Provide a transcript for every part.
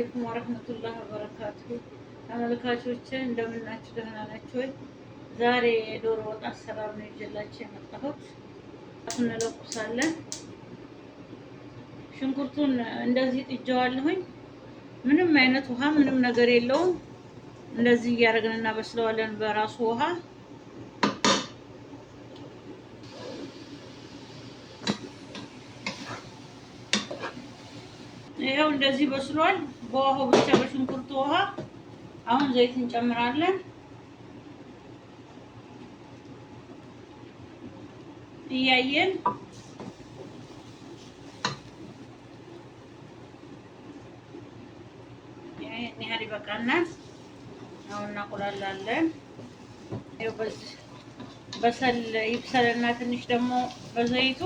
አለይኩም ወረህመቱላህ ወበረካቱ ተመልካቾች እንደምን ናችሁ? ደህና ናችሁ ወይ? ዛሬ የዶሮ ወጥ አሰራር ነው ይዤላችሁ የመጣሁት። እንለቁሳለን። ሽንኩርቱን እንደዚህ ጥጄዋለሁኝ። ምንም አይነት ውሃ ምንም ነገር የለውም። እንደዚህ እያደረግን እናበስለዋለን በራሱ ውሃ ይኸው እንደዚህ በስሏል። በውሃው ብቻ በሽንኩርቱ ውሃ። አሁን ዘይት እንጨምራለን። እያየን ይህን ያህል ይበቃናል። አሁን እናቁላላለን። በሰል ይብሰልና ትንሽ ደግሞ በዘይቱ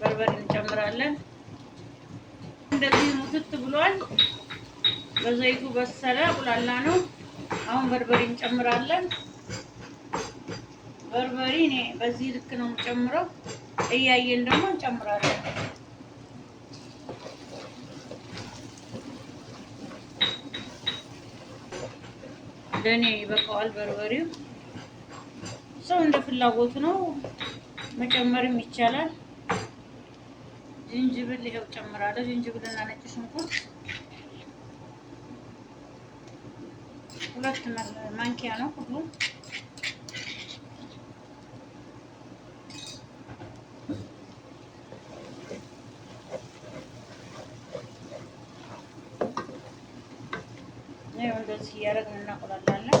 በርበሬ እንጨምራለን። እንደዚህ ሙትት ብሏል። በዘይቱ በሰለ ቁላላ ነው። አሁን በርበሬ እንጨምራለን። በርበሬ እኔ በዚህ ልክ ነው የምጨምረው። እያየን ደግሞ እንጨምራለን። ለእኔ ይበቃዋል በርበሬው። ሰው እንደ ፍላጎቱ ነው፣ መጨመርም ይቻላል። ዝንጅብል ይኸው ጨምራለሁ። ዝንጅብልና ነጭ ሽንኩርት ሁለት ማንኪያ ነው ሁሉ ይኸው እንደዚህ እያደረግን እናቁላላለን።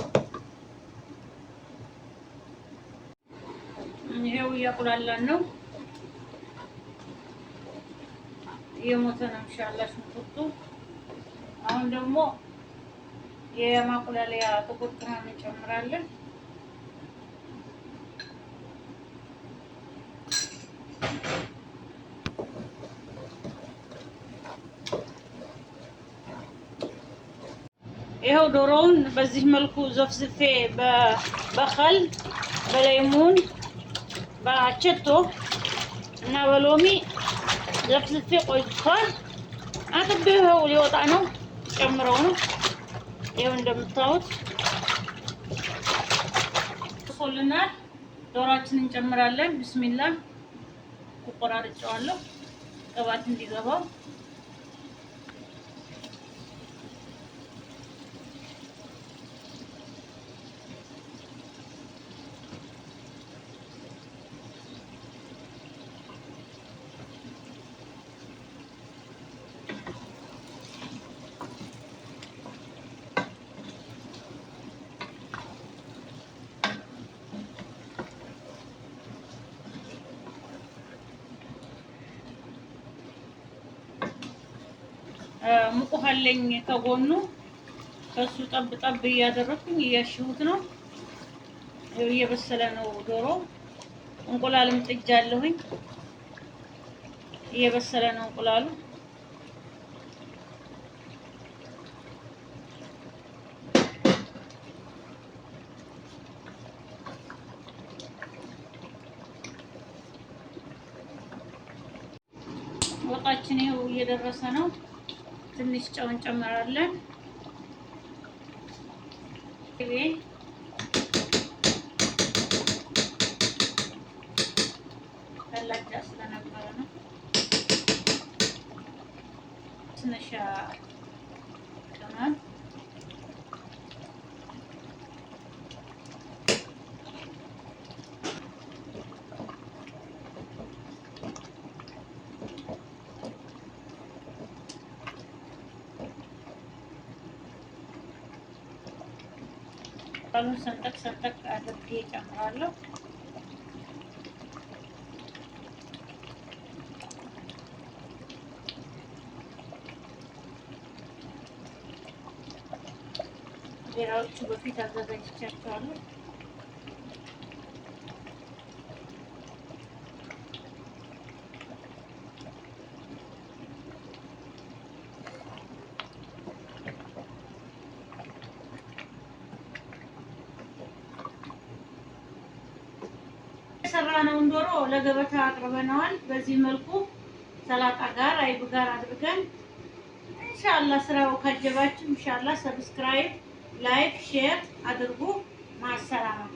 ይሄው እያቁላላን ነው የሞተ ነው ሽንኩርቱ። አሁን ደግሞ የማቁላለያ ጥቁር ቅመም እንጨምራለን። ይኸው ዶሮውን በዚህ መልኩ ዘፍዝፌ በበኸል በሌሙን በአቸቶ እና በሎሚ ለፍልፌ ቆይቷል። አጥቤው ይኸው ሊወጣ ነው። ጨምረው ነው ይኸው እንደምታዩት ሶልናል። ዶሯችን እንጨምራለን። ቢስሚላ ቆራርጬዋለሁ ቅባት እንዲገባው ሙቁሃለኝ ከጎኑ ከሱ ጠብ ጠብ እያደረኩኝ እያሸሁት ነው። እየበሰለ ነው ዶሮ። እንቁላልም ጥጃ አለሁኝ እየበሰለ ነው እንቁላሉ። ወጣችን ይኸው እየደረሰ ነው። ትንሽ ጨው እንጨምራለን። ቅቤ ፈላጊ ስለነበረ ነው። ትንሽ ቅመም ቅጠሉን ሰንጠቅ ሰንጠቅ አድርጌ እጨምራለሁ። ሌላዎቹ በፊት አዘጋጅቻቸዋለሁ። የሰራነውን ዶሮ ለገበታ አቅርበነዋል። በዚህ መልኩ ሰላጣ ጋር አይብ ጋር አድርገን ኢንሻአላህ ስራው ካጀባችሁ ኢንሻአላህ ሰብስክራይብ፣ ላይክ፣ ሼር አድርጉ። ማሰራ ነው።